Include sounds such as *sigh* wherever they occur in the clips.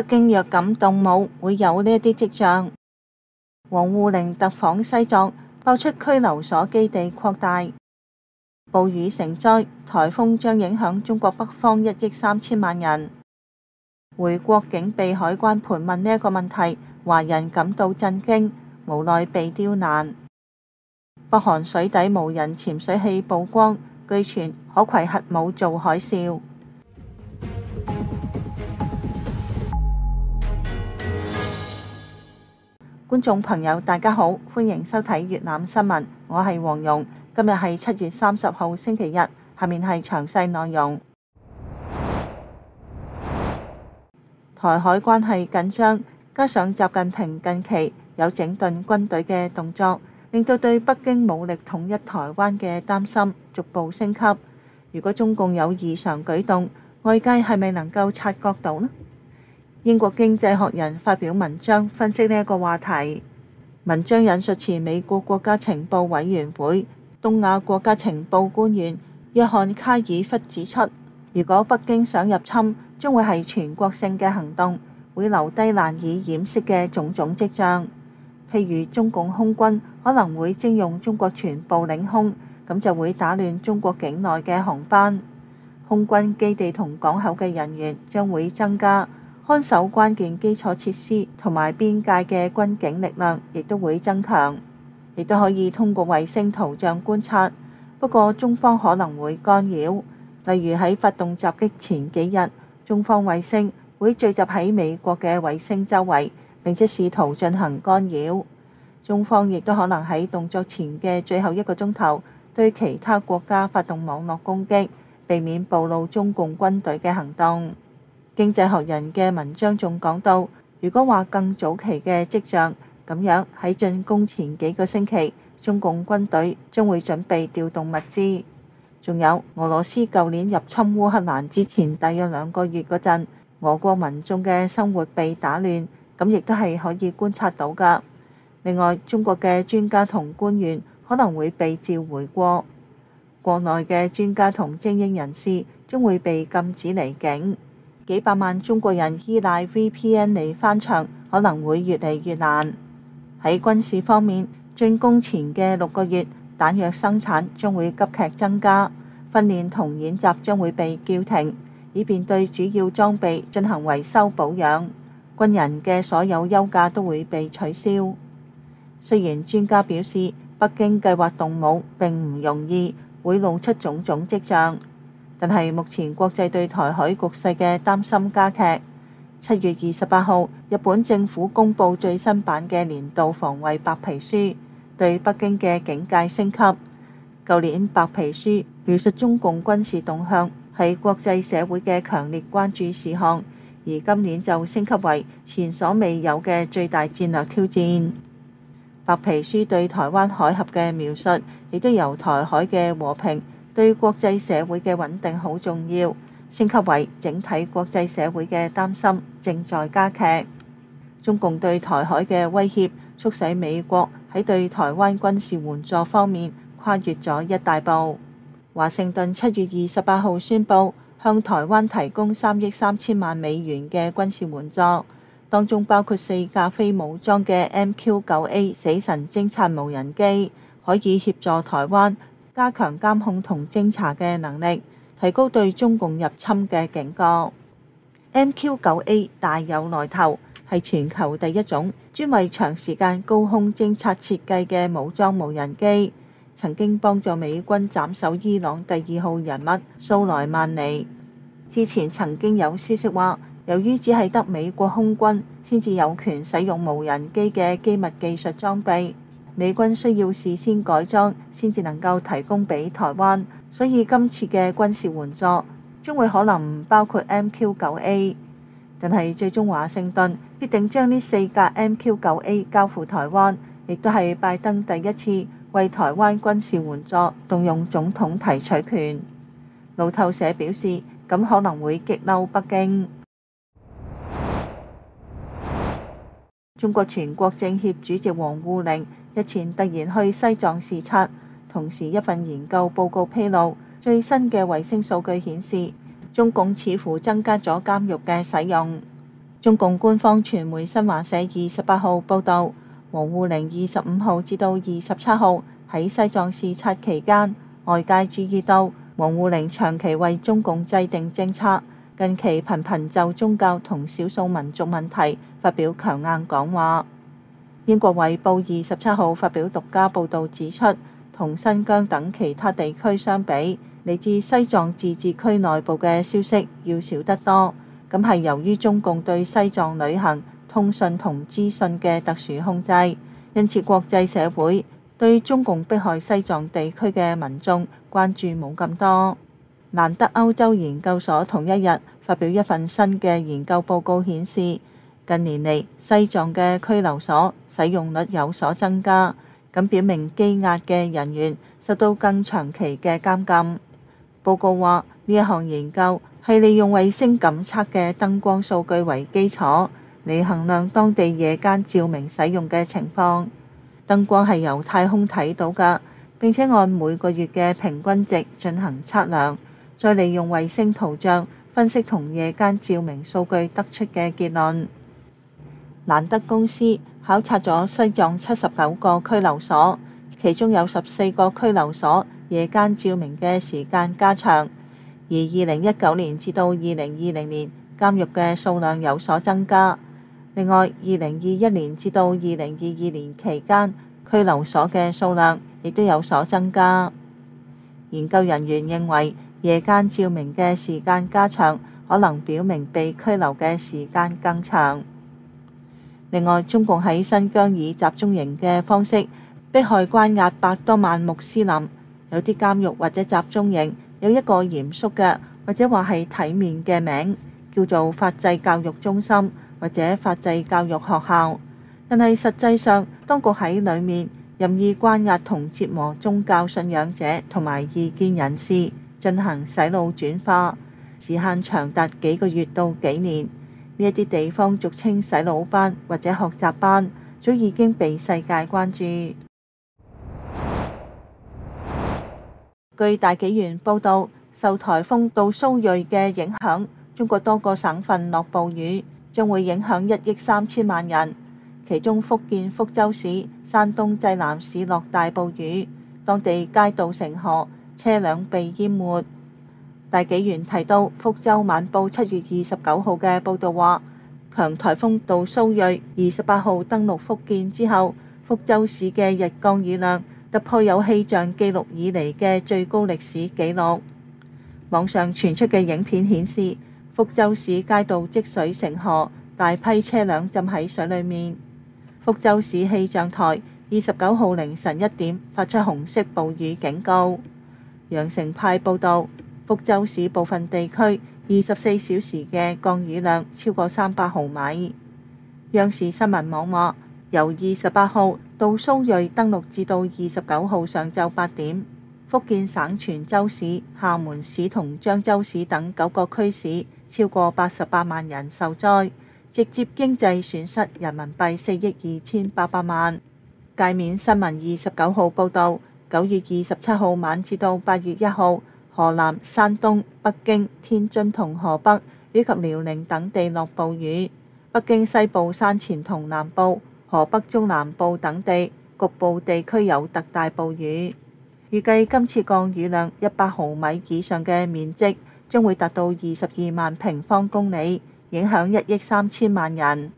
北京若敢動武，會有呢啲跡象。王滬寧突訪西藏，爆出拘留所基地擴大。暴雨成災，颱風將影響中國北方一億三千萬人。回國竟被海關盤問呢一個問題，華人感到震驚，無奈被刁難。北韓水底無人潛水器曝光，據傳可攜核武造海嘯。觀眾朋友，大家好，歡迎收睇越南新聞，我係黃容，今日係七月三十號星期日，下面係詳細內容。台海關係緊張，加上習近平近期有整頓軍隊嘅動作，令到對北京武力統一台灣嘅擔心逐步升級。如果中共有異常舉動，外界係咪能夠察覺到呢？英國經濟學人發表文章分析呢一個話題。文章引述前美國國家情報委員會、東亞國家情報官員約翰·卡爾弗指出，如果北京想入侵，將會係全國性嘅行動，會留低難以掩飾嘅種種跡象。譬如中共空軍可能會徵用中國全部領空，咁就會打亂中國境內嘅航班。空軍基地同港口嘅人員將會增加。看守關鍵基礎設施同埋邊界嘅軍警力量亦都會增強，亦都可以通過衛星圖像觀察。不過中方可能會干擾，例如喺發動襲擊前幾日，中方衛星會聚集喺美國嘅衛星周圍，並且試圖進行干擾。中方亦都可能喺動作前嘅最後一個鐘頭對其他國家發動網絡攻擊，避免暴露中共軍隊嘅行動。《經濟學人》嘅文章仲講到，如果話更早期嘅跡象咁樣喺進攻前幾個星期，中共軍隊將會準備調動物資。仲有俄羅斯舊年入侵烏克蘭之前大約兩個月嗰陣，俄國民眾嘅生活被打亂，咁亦都係可以觀察到㗎。另外，中國嘅專家同官員可能會被召回國，國內嘅專家同精英人士將會被禁止離境。幾百萬中國人依賴 VPN 嚟翻牆，可能會越嚟越難。喺軍事方面，進攻前嘅六個月，彈藥生產將會急劇增加，訓練同演習將會被叫停，以便對主要裝備進行維修保養。軍人嘅所有休假都會被取消。雖然專家表示，北京計劃動武並唔容易，會露出種種跡象。但係目前國際對台海局勢嘅擔心加劇。七月二十八號，日本政府公布最新版嘅年度防衛白皮書，對北京嘅警戒升級。舊年白皮書描述中共軍事動向係國際社會嘅強烈關注事項，而今年就升級為前所未有嘅最大戰略挑戰。白皮書對台灣海峽嘅描述亦都由台海嘅和平，對國際社會嘅穩定好重要，升級為整體國際社會嘅擔心正在加劇。中共對台海嘅威脅，促使美國喺對台灣軍事援助方面跨越咗一大步。華盛頓七月二十八號宣布向台灣提供三億三千萬美元嘅軍事援助，當中包括四架非武裝嘅 MQ-9A 死神偵察無人機，可以協助台灣加強監控同偵查嘅能力，提高對中共入侵嘅警覺。MQ-9A 大有來頭，係全球第一種專為長時間高空偵察設計嘅武裝無人機，曾經幫助美軍斬首伊朗第二號人物蘇萊曼尼。之前曾經有消息話，由於只係得美國空軍先至有權使用無人機嘅機密技術裝備。美軍需要事先改裝，先至能夠提供俾台灣，所以今次嘅軍事援助將會可能唔包括 MQ-9A，但係最終華盛頓必定將呢四架 MQ-9A 交付台灣，亦都係拜登第一次為台灣軍事援助動用總統提取權。路透社表示，咁可能會激嬲北京。中國全國政協主席王滬寧。日前突然去西藏視察，同時一份研究報告披露，最新嘅衛星數據顯示，中共似乎增加咗監獄嘅使用。中共官方傳媒新華社二十八號報道，王滬寧二十五號至到二十七號喺西藏視察期間，外界注意到王滬寧長期為中共制定政策，近期頻頻就宗教同少數民族問題發表強硬講話。英國《衛報》二十七號發表獨家報導，指出同新疆等其他地區相比，嚟自西藏自治區內部嘅消息要少得多。咁係由於中共對西藏旅行、通訊同資訊嘅特殊控制，因此國際社會對中共迫害西藏地區嘅民眾關注冇咁多。難得歐洲研究所同一日發表一份新嘅研究報告，顯示，近年嚟，西藏嘅拘留所使用率有所增加，咁表明羈押嘅人員受到更長期嘅監禁。報告話，呢一項研究係利用衛星感測嘅燈光數據為基礎嚟衡量當地夜間照明使用嘅情況，燈光係由太空睇到噶，並且按每個月嘅平均值進行測量，再利用衛星圖像分析同夜間照明數據得出嘅結論。蘭德公司考察咗西藏七十九個拘留所，其中有十四個拘留所夜間照明嘅時間加長。而二零一九年至到二零二零年，監獄嘅數量有所增加。另外，二零二一年至到二零二二年期間，拘留所嘅數量亦都有所增加。研究人員認為，夜間照明嘅時間加長，可能表明被拘留嘅時間更長。另外，中共喺新疆以集中營嘅方式迫害關押百多萬穆斯林，有啲監獄或者集中營有一個嚴肅嘅或者話係體面嘅名，叫做法制教育中心或者法制教育學校，但係實際上當局喺裏面任意關押同折磨宗教信仰者同埋異見人士，進行洗腦轉化，時限長達幾個月到幾年。呢一啲地方俗稱洗腦班或者學習班，早已經被世界關注。據大紀元報道，受颱風杜蘇芮嘅影響，中國多個省份落暴雨，將會影響一億三千萬人。其中福建福州市、山東濟南市落大暴雨，當地街道成河，車輛被淹沒。大紀元提到，《福州晚報》七月二十九號嘅報道話，強颱風杜蘇芮二十八號登陸福建之後，福州市嘅日降雨量突破有氣象記錄以嚟嘅最高歷史紀錄。網上傳出嘅影片顯示，福州市街道積水成河，大批車輛浸喺水裡面。福州市氣象台二十九號凌晨一點發出紅色暴雨警告。羊城派報導。福州市部分地區二十四小時嘅降雨量超過三百毫米。央視新聞網話，由二十八號到蘇瑞登陸至到二十九號上晝八點，福建省泉州市、廈門市同漳州市等九個區市超過八十八萬人受災，直接經濟損失人民幣四億二千八百萬。界面新聞二十九號報導，九月二十七號晚至到八月一號。河南、山東、北京、天津同河北以及遼寧等地落暴雨，北京西部山前同南部、河北中南部等地局部地區有特大暴雨。預計今次降雨量一百毫米以上嘅面積將會達到二十二萬平方公里，影響一億三千萬人。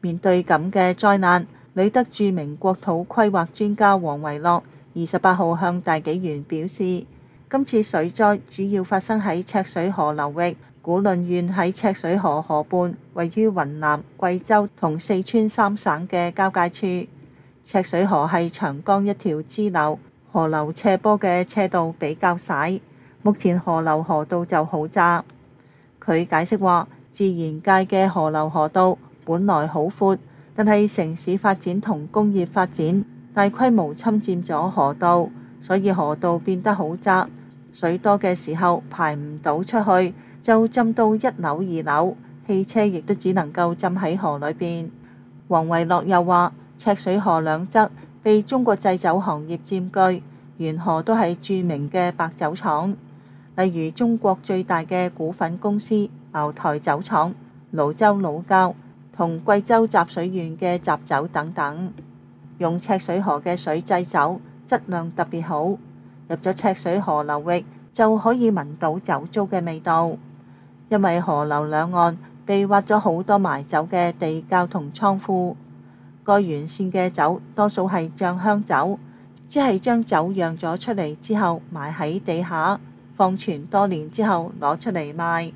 面對咁嘅災難，旅德著名國土規劃專家王維洛二十八號向大紀元表示。今次水災主要發生喺赤水河流域，古倫縣喺赤水河河畔，位於雲南、貴州同四川三省嘅交界處。赤水河係長江一條支流，河流斜坡嘅斜度比較細，目前河流河道就好窄。佢解釋話，自然界嘅河流河道本來好闊，但係城市發展同工業發展大規模侵佔咗河道。所以河道變得好窄，水多嘅時候排唔到出去，就浸到一樓二樓，汽車亦都只能夠浸喺河裏邊。王維洛又話赤水河兩側被中國製酒行業佔據，沿河都係著名嘅白酒廠，例如中國最大嘅股份公司茅台酒廠，瀘州老窖、同貴州習水縣嘅習酒等等，用赤水河嘅水製酒。質量特別好，入咗赤水河流域就可以聞到酒糟嘅味道。因為河流兩岸被挖咗好多埋酒嘅地窖同倉庫，該沿線嘅酒多數係醬香酒，只係將酒釀咗出嚟之後埋喺地下放存多年之後攞出嚟賣。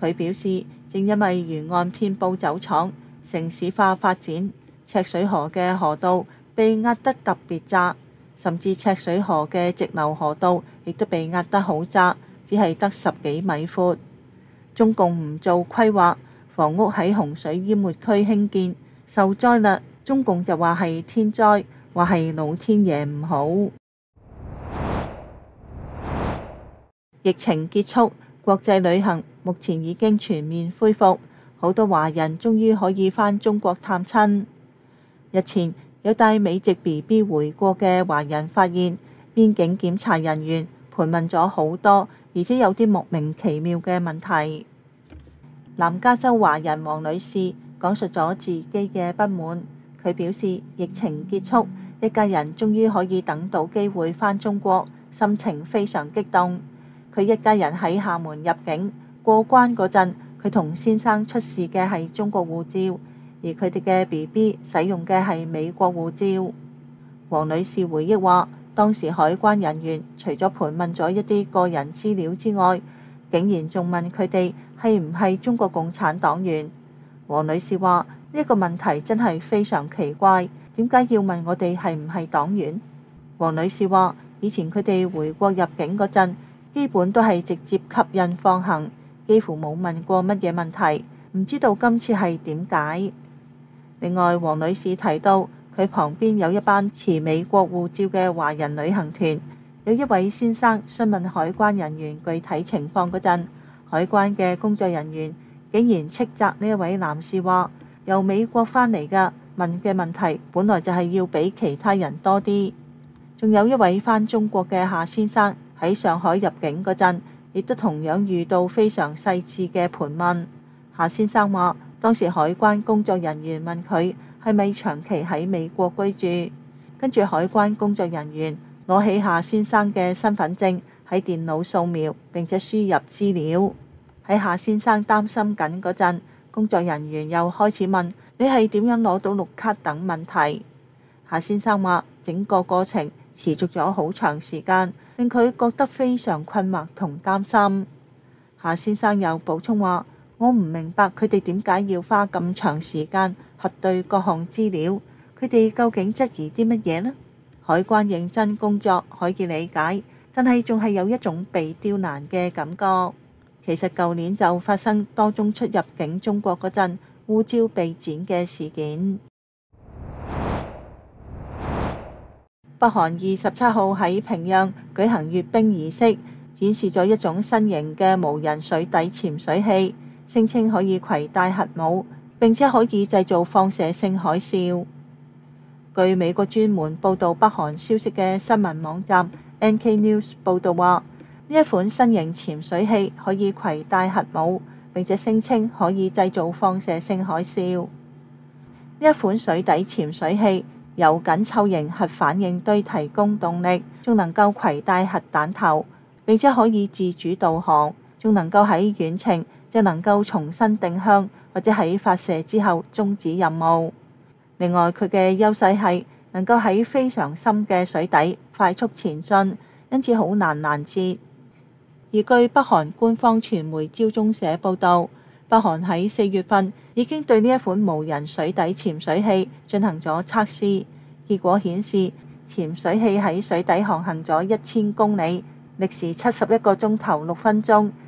佢表示，正因為沿岸遍佈酒廠，城市化發展，赤水河嘅河道被壓得特別窄。甚至赤水河嘅直流河道亦都被壓得好窄，只係得十幾米闊。中共唔做規劃，房屋喺洪水淹沒區興建，受災啦。中共就話係天災，話係老天爺唔好。 *noise* 疫情結束，國際旅行目前已經全面恢復，好多華人終於可以翻中國探親。日前。有帶美籍 BB 回國嘅華人發現，邊境檢查人員盤問咗好多，而且有啲莫名其妙嘅問題。南加州華人王女士講述咗自己嘅不滿，佢表示疫情結束，一家人終於可以等到機會返中國，心情非常激動。佢一家人喺廈門入境過關嗰陣，佢同先生出示嘅係中國護照。而佢哋嘅 B.B. 使用嘅係美國護照。王女士回憶話，當時海關人員除咗盤問咗一啲個人資料之外，竟然仲問佢哋係唔係中國共產黨員。王女士話呢個問題真係非常奇怪，點解要問我哋係唔係黨員？王女士話以前佢哋回國入境嗰陣，基本都係直接吸引放行，幾乎冇問過乜嘢問題，唔知道今次係點解。另外，黃女士提到佢旁邊有一班持美國護照嘅華人旅行團，有一位先生詢問海關人員具體情況嗰陣，海關嘅工作人員竟然斥責呢一位男士話：由美國翻嚟嘅問嘅問題本來就係要比其他人多啲。仲有一位翻中國嘅夏先生喺上海入境嗰陣，亦都同樣遇到非常細緻嘅盤問。夏先生話當時海關工作人員問佢係咪長期喺美國居住，跟住海關工作人員攞起夏先生嘅身份證喺電腦掃描，並且輸入資料。喺夏先生擔心緊嗰陣，工作人員又開始問你係點樣攞到綠卡等問題。夏先生話整個過程持續咗好長時間，令佢覺得非常困惑同擔心。夏先生又補充話：我唔明白佢哋點解要花咁長時間核對各項資料，佢哋究竟質疑啲乜嘢呢？海關認真工作可以理解，真係仲係有一種被刁難嘅感覺。其實舊年就發生多宗出入境中國嗰陣護照被剪嘅事件。北韓二十七號喺平壤舉行閱兵儀式，展示咗一種新型嘅無人水底潛水器。聲稱可以攜帶核武，並且可以製造放射性海嘯。據美國專門報導北韓消息嘅新聞網站 NK News 報道，話，呢一款新型潛水器可以攜帶核武，並且聲稱可以製造放射性海嘯。呢一款水底潛水器由緊湊型核反應堆提供動力，仲能夠攜帶核彈頭，並且可以自主導航，仲能夠喺遠程。又能夠重新定向，或者喺發射之後終止任務。另外，佢嘅優勢係能夠喺非常深嘅水底快速前進，因此好難攔截。而據北韓官方傳媒朝中社報導，北韓喺四月份已經對呢一款無人水底潛水器進行咗測試，結果顯示潛水器喺水底航行咗一千公里，歷時七十一個鐘頭六分鐘。